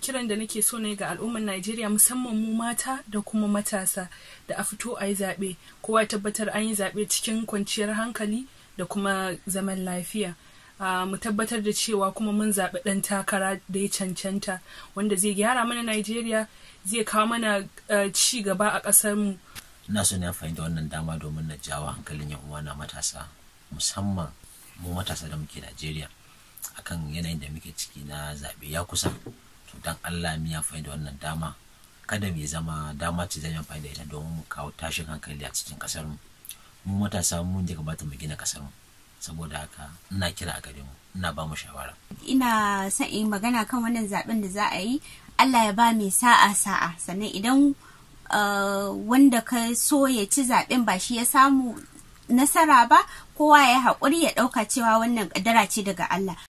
kiran da nake so ne ga al'ummar Najeriya musamman mu mata da kuma matasa da a fito a yi zaɓe kowa ya tabbatar an yi zaɓe cikin kwanciyar hankali da kuma zaman lafiya mu tabbatar da cewa kuma mun zaɓi ɗan takara da ya cancanta wanda zai gyara mana Najeriya zai kawo mana ci gaba a kasar mu ina so ne amfani da wannan dama domin na jawo hankalin yan na matasa musamman mu matasa da muke Najeriya akan yanayin da muke ciki na zaɓe ya kusa don Allah miya amfani da wannan dama kada mu zama dama ce zai amfani da ita domin mu kawo tashin hankali a cikin kasar mu mu matasa mun da kamata mu gina kasar mu saboda haka ina kira a gare mu ina ba mu shawara ina son in magana kan wannan zaben da za a yi Allah ya ba mai sa'a sa'a sannan idan eh, wanda ka so ya ci zaben ba shi ya samu nasara ba kowa ya haƙuri ya ɗauka cewa wannan ƙaddara ce daga Allah